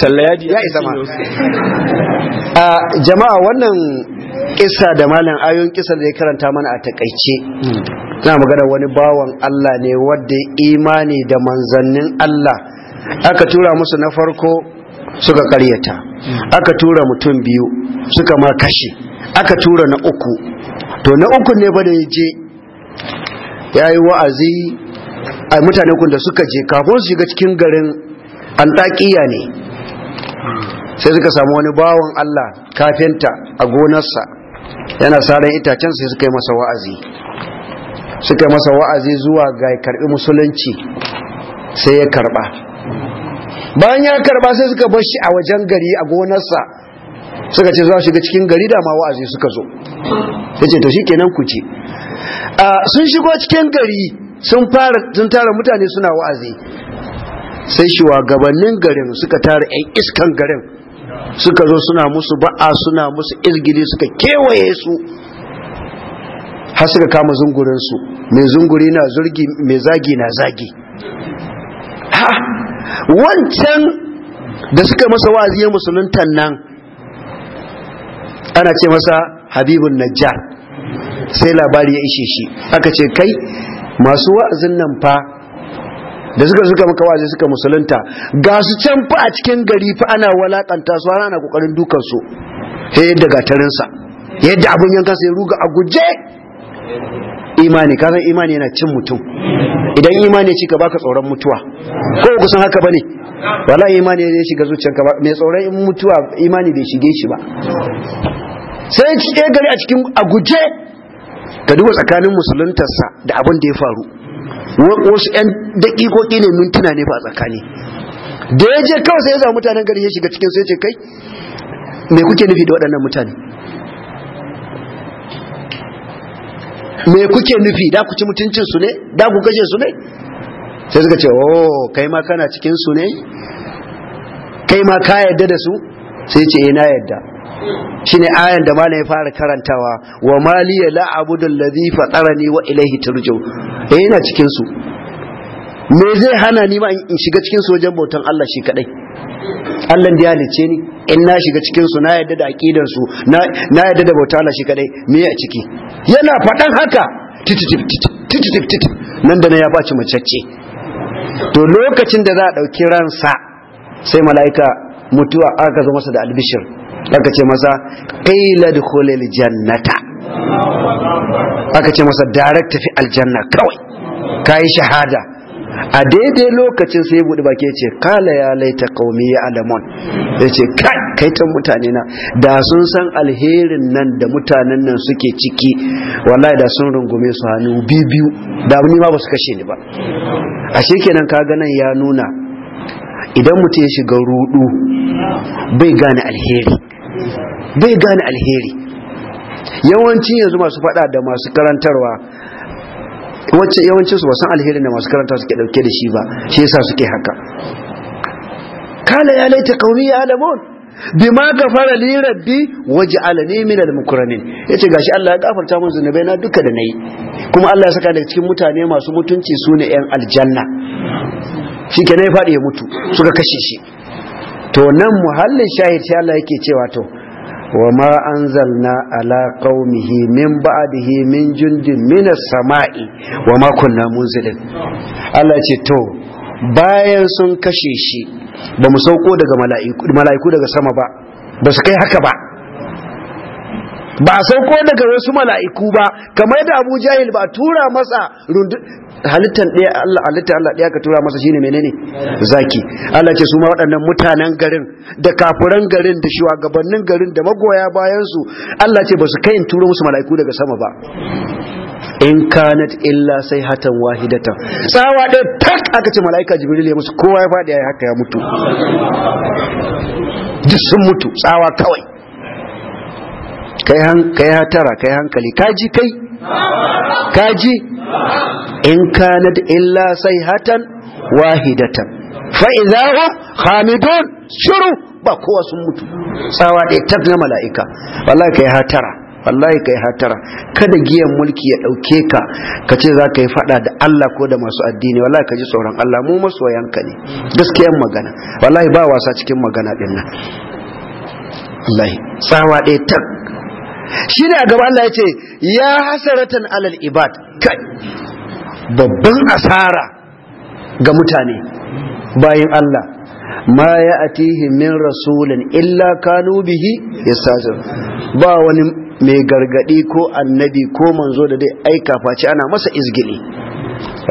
talla ya isa ma jama'a wannan kisa da malam ayoyin kisa da ya karanta mana a takaice hmm. na magana wani bawan Allah ne wadda imani da manzannin Allah aka tura musu na farko suka karyata hmm. aka tura mutum biyu suka ma kashe aka tura na uku to na uku ne ba da ya je ya yi wa'azi a mutane kun da suka je kafin su shiga cikin garin antakiya ne sai suka samu wani bawan Allah kafinta a gonarsa yana saran itacen sai suka yi masa wa'azi suka masa wa'azi zuwa ga karbi musulunci sai ya karba bayan ya karba sai suka bar shi a wajen gari a gonarsa suka ce za shiga cikin gari da ma wa'azi suka zo ya ce to shi kenan ku ce sun shigo cikin gari sun fara sun tara mutane suna wa'azi sai shugabannin garin suka tara 'yan iskan garin suka zo suna musu ba'a suna musu izgili suka kewaye su har suka kama zungurinsu mai zunguri na zurgi mai zagi na zagi ha wancan da suka masa wa'azi ya musuluntan nan ana ce masa habibun najjar sai labari ya ishe shi aka ce kai masu wa'azin nan fa da suka suka maka wa'azi suka musulunta ga su can fa a cikin gari fa ana walakanta su ana kokarin dukan su sai yadda gatarin sa yadda abun yanka sai ruga a guje imani kasan imani yana cin mutum idan imani ya cika baka tsoron mutuwa ko kusan haka bane wala imani ya shiga zuciyarka ba mai tsoron mutuwa imani bai shige shi ba sai ya gari a cikin a guje ka duba tsakanin musuluntarsa da abin da ya faru wasu 'yan daƙiƙoƙi ne mintuna ne ba tsakani da ya je kawai sai ya zama mutanen gari ya shiga cikin sai ce kai me kuke nufi da waɗannan mutane me kuke nufi da ku ci mutuncin su ne da ku kashe su ne sai suka ce oh kai ma kana cikin su ne kai ma ka yadda da su sai ce eh na yadda shine ayan da malam ya fara karantawa wa maliya la abudu allazi fatarani wa ilaihi turju eh ina cikin su me zai hana ni ma in shiga cikin su wajen bautan Allah shi kadai Allah da ya halice ni in na shiga cikin su na yadda da aqidar su na yadda da bautan Allah shi kadai me ya ciki yana fadan haka titi-titi-titi-titi-titi. nan da na ya baci macece to lokacin da za a dauki ransa sai mala'ika mutuwa aka zo masa da albishir aka ce masa Akace dukhulil jannata aka ce masa direct tafi aljanna kawai kai shahada a daidai lokacin sai buɗe baki ce kala ya laita qaumi ya alamon ya ce kai kai mutane na da sun san alherin nan da mutanen nan suke ciki wallahi da sun rungume su hannu biyu da ni ma ba su kashe ni ba ashe kenan kaga nan ya nuna idan mutum ya shiga rudu bai gane alheri bai gane alheri yawancin yanzu masu fada da masu karantarwa wacce yawancin su ba san alherin da masu karanta suke dauke da shi ba shi yasa suke haka kala ya laita kaumi ya alamun bima gafara li rabbi waj'alani min al-mukramin yace gashi Allah ya gafarta min zunubai na duka da nayi kuma Allah ya saka daga cikin mutane masu mutunci sune yan aljanna shi ke ne ya faɗi ya mutu suka kashe shi to nan muhallin shahid shi Allah yake cewa to wa ma anzalna ala qaumihi min ba'dihi min jundin min samai wa ma kunna munzilin Allah ce to bayan sun kashe shi ba mu sauko daga mala'iku daga sama ba ba su kai haka ba ba sauko daga wasu mala'iku ba kamar da abu jahil ba tura masa halittan ɗaya Allah halitta Allah ɗaya ka tura masa shine menene zaki Allah ce su ma waɗannan mutanen garin da kafuran garin da shugabannin garin da magoya bayan su Allah ce ba su kai in turo musu mala'iku daga sama ba in kanat illa sai hatan wahidatan tsawa ɗaya tak aka ce mala'ika jibril ya musu kowa ya faɗi ya haka ya mutu duk sun mutu tsawa kawai kai hatara kai hankali kaji kai kaji in kanat illa sayhatan wahidatan fa idza khamidun shuru ba kowa sun mutu tsawa ɗaya ta na mala'ika wallahi kai hatara wallahi kai hatara kada giyan mulki ya ɗauke ka ka ce za ka yi faɗa da Allah ko da masu addini wallahi ka ji tsoron Allah mu ka ne gaskiyan magana wallahi ba wasa cikin magana ɗin nan wallahi tsawa ɗaya tak shi ne a gaba Allah ya ce ya hasaratan alal ibad kai babban asara ga mutane bayan Allah ma ya atihi min rasulin illa kanu bihi yastajir ba wani mai gargadi ko annabi ko manzo da dai aika faci ana masa izgili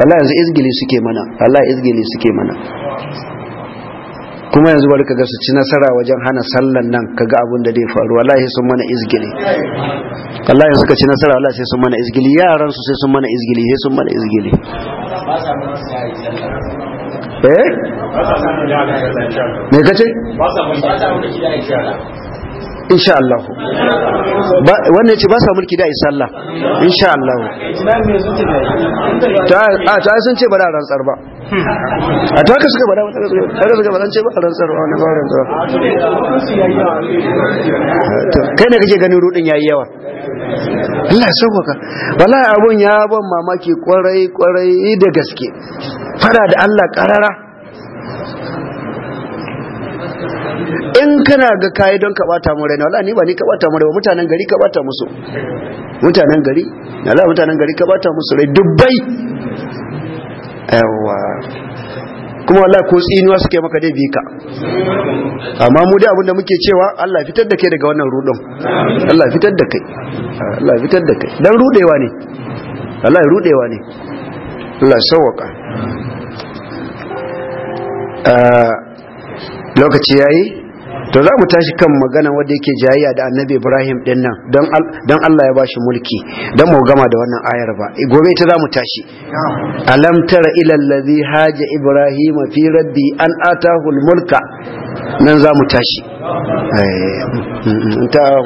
Allah yanzu izgili suke mana Allah izgili suke mana kuma yanzu bari ka su ci nasara wajen hana sallan nan kaga abun da dai faru wallahi sun mana izgili wallahi suka ci nasara wallahi sai sun mana izgili yaran su sai sun mana izgili sai sun mana izgili eh me kace ba sa mun ba sa mun da insha Allah wannan ce ba sa mulki da isa Allah insha Allah a ta sun ce ba da rantsar ba a ta ka suka ba da suka ba ce ba a rantsar ba wani ba rantsar kai ne kake ganin rudin yayi yawa Allah ya sauka wallahi abun ya ban mamaki kwarai kwarai da gaske fara da Allah karara in kana ga kayi don ka bata mu rai na wallahi ni ba ni ka bata mu rai mutanen gari ka bata musu mutanen gari na wallahi mutanen gari ka bata musu rai dubbai yawa kuma wallahi ko tsinuwa suke maka dai bika, amma mu dai abinda muke cewa Allah fitar da kai daga wannan rudon Allah fitar da kai Allah fitar da kai dan rudewa ne ya rudewa ne Allah sauwaka ah, lokaci yayi to za mu tashi kan magana wanda yake jayayya da annabi ibrahim din nan don allah ya ba shi mulki don mu gama da wannan ayar ba gobe ita za mu tashi alam tara ila haja ibrahim fi rabbi an atahu mulka nan za mu tashi eh, mm, mm, mm,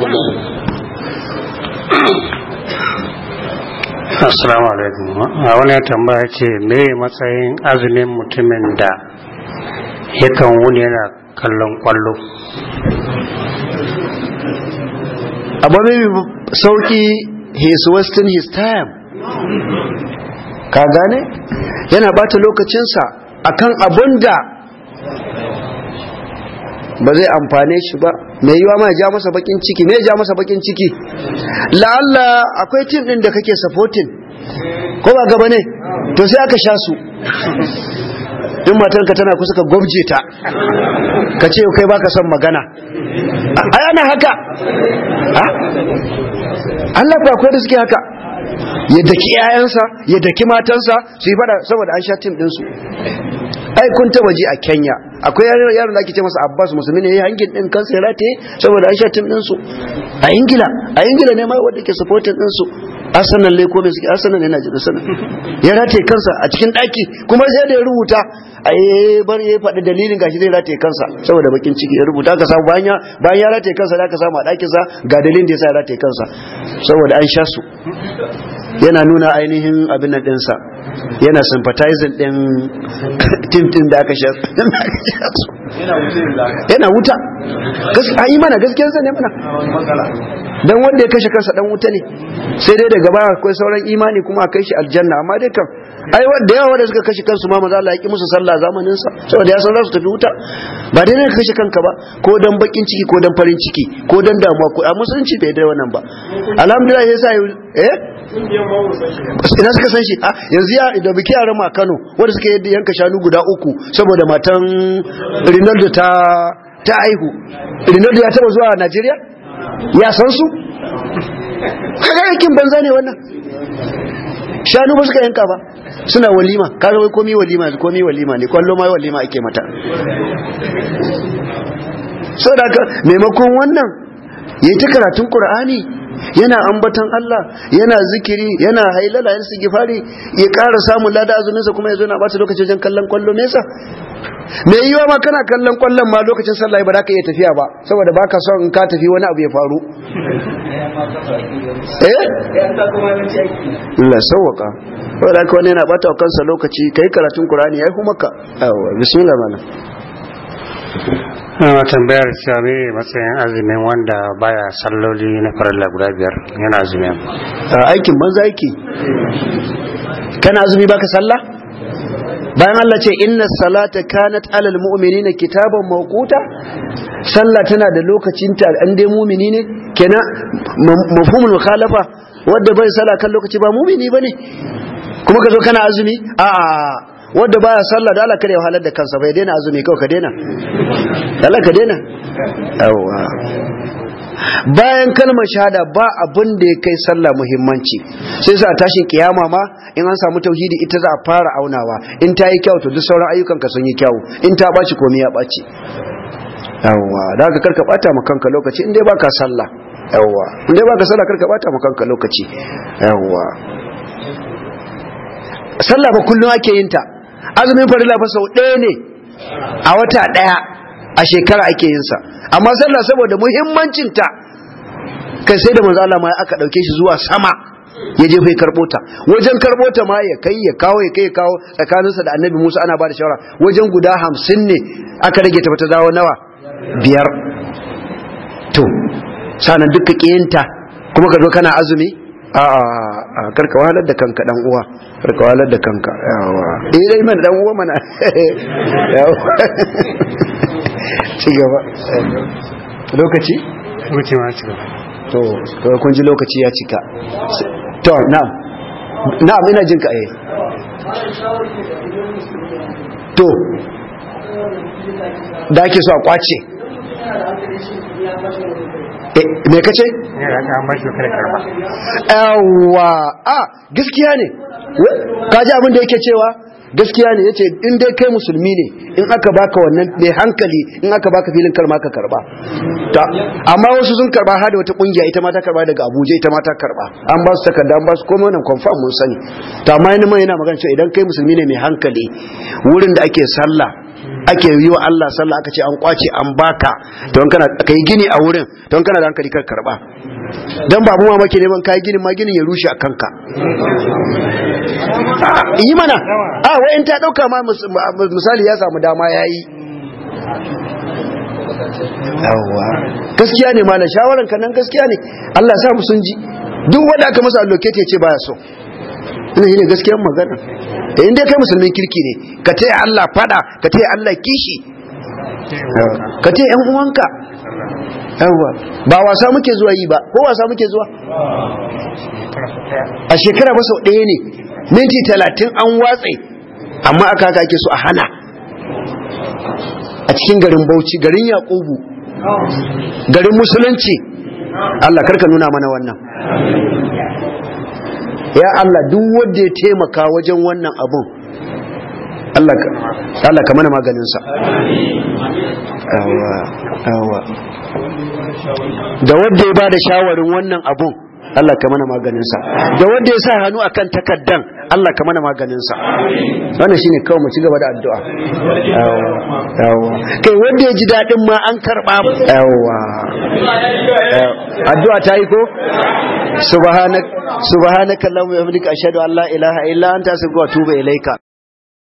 assalamu alaikum a wani tambaya ce me matsayin azumin mutumin da yakan wuni yana kallon kwallo abu mai sauki he is wasting his time ka gane yana bata lokacinsa akan abun da ba zai amfane shi ba mai yiwa ma ja masa bakin ciki me ja masa bakin ciki la'alla akwai tim din da kake supporting ko ba gaba ne to sai aka sha su in matarka tana kusa ka gwabje ta ka ce kai baka son magana a yana haka Allah ba akwai da suke haka ya daki 'ya'yansa ya daki matansa su yi fada saboda an sha tim ɗinsu ai kun taba ji a Kenya akwai yaron da ake ce masa Abbas musulmi ne yayin hangin din kansa ya rataye saboda an sha tim din su a Ingila a Ingila ne mai wanda ke supporting din su Arsenal ne ko me suke Arsenal ne na ji Arsenal ya rataye kansa a cikin daki kuma sai da ya rubuta ai bar ya faɗi dalilin gashi zai rataye kansa saboda bakin ciki ya rubuta ka samu bayan bayan ya rataye kansa da ka samu a dakin sa ga dalilin da yasa ya rataye kansa saboda an sha su yana nuna ainihin abin nan ɗinsa yana sympathizing ɗin tintin da aka sha yana wuta a yi mana sa ne mana don wanda ya kashe kansa dan wuta ne sai dai daga baya akwai sauran imani kuma a kai shi aljanna amma dai kam ai wanda yawa wanda suka kashe kansu ma maza Allah ya ki musu sallah zamanin sa saboda ya san za su tafi wuta ba dai ne ka kashe kanka ba ko dan bakin ciki ko dan farin ciki ko dan damuwa ko a musulunci bai da wannan ba alhamdulillah yasa eh ina suka san shi ah yanzu ya da biki a rama Kano wanda suka yadda yanka shanu guda uku saboda matan Ronaldo ta ta aihu Ronaldo ya taba zuwa Najeriya ya san su kaga yakin banza ne wannan shanu ba suka yanka ba suna walima kaga wai komi walima komi walima ne kwallo ma walima ake mata so da maimakon wannan yayi ta karatun qur'ani yana ambatan Allah yana zikiri yana hailala yana sigifari ya ƙara samun lada azuminsa kuma ya zo na bata lokacin wajen kallon kwallo nesa me yiwa ma kana kallon kwallon ma lokacin sallah ba da ka iya tafiya ba saboda baka son in ka tafi wani abu ya faru eh yana bata kansa lokaci kai karatun Qur'ani yayi kuma ka bismillah mana tambayar cewa matsayin azumin wanda baya salloli na farilla guda biyar yana azumin aikin banza aiki kana azumi baka sallah bayan Allah ce inna salata kanat alal na kitaban maukuta? sallah tana da lokacin ta an dai mu'mini ne Kena mafumin mukhalafa Wadda bai salla kan lokaci ba mu'mini ne? kuma ka zo kana azumi a'a wanda baya sallah da Allah kare ya halar da kansa bai daina azumi kawai ka daina Allah ka daina yawa bayan kalmar shahada ba abin da ya kai sallah muhimmanci sai sa tashin kiyama ma in an samu tauhidi ita za a fara aunawa in ta yi kyau to duk sauran ayyukan ka sun yi kyau in ta baci komai ya baci yawa da ka karka bata ma kanka lokaci in dai baka sallah yawa in dai baka sallah karka bata ma kanka lokaci yawa sallah ba kullum ake yin ta azumin farilla fa sau ɗaya ne a wata ɗaya a shekara ake yin amma sallah saboda muhimmancin ta kai sai da manzo Allah ma aka dauke shi zuwa sama ya je fa karbo ta wajen karbo ta ma ya kai ya kawo ya kai ya kawo tsakaninsa da annabi Musa ana ba da shawara wajen guda hamsin ne aka rage ta ta dawo nawa biyar to sanan duka kiyinta kuma ka zo kana azumi a karka wahalar da kanka dan uwa karka wahalar da kanka yawa eh dai man dan uwa mana yawa lokaci lokaci ma ci to to kun ji lokaci ya cika to na'am na'am ina jin ka eh to da ke so a kwace Eh, me kace yawa a gaskiya ne kaji abin da yake cewa gaskiya ne yace in dai kai musulmi ne in aka baka wannan mai hankali in aka baka filin karma ka karba amma wasu sun karba har da wata kungiya ita ma ta karba daga Abuja ita ma ta karba an ba su takarda an ba su komai wannan confirm mun sani to amma yana magana cewa idan kai musulmi ne mai hankali wurin da ake sallah ake yi wa Allah sallah aka ce an kwace an baka don kana kai gini a wurin don kana da hankali kar karba dan babu ma mamaki neman kai gini ma ginin ya rushe a kanka ah, yi mana a ah, wa'in ta dauka ma misali ya samu dama yayi yi. gaskiya ne malam shawaran ka nan gaskiya ne Allah ya sa mu sun ji duk wanda aka masa allocate ya ce baya so ina shine gaskiyar magana da eh, inda kai musulmin kirki ne ka ce Allah fada ka ce Allah kishi ka ce yan uwanka ba wasa muke zuwa yi ba ko wasa muke zuwa a shekara ba sau ɗaya ne minti talatin an watse amma aka haka ake so a hana a cikin garin bauchi garin yakubu garin musulunci Allah karka nuna mana wannan ya Allah duk wanda ya taimaka wajen wannan abun Allah ka mana maganinsa da wanda ya ba da shawarin wannan abun Allah ka mana maganinsa da wanda ya sa hannu akan takaddan Allah ka mana maganinsa wannan shine kawai mu ci gaba da addu'a yawa kai wanda ya ji dadin ma an karba yawa addu'a ta yi ko subhanak subhanaka allahumma wa bihamdika ashhadu an la ilaha illa anta astaghfiruka wa atubu ilaika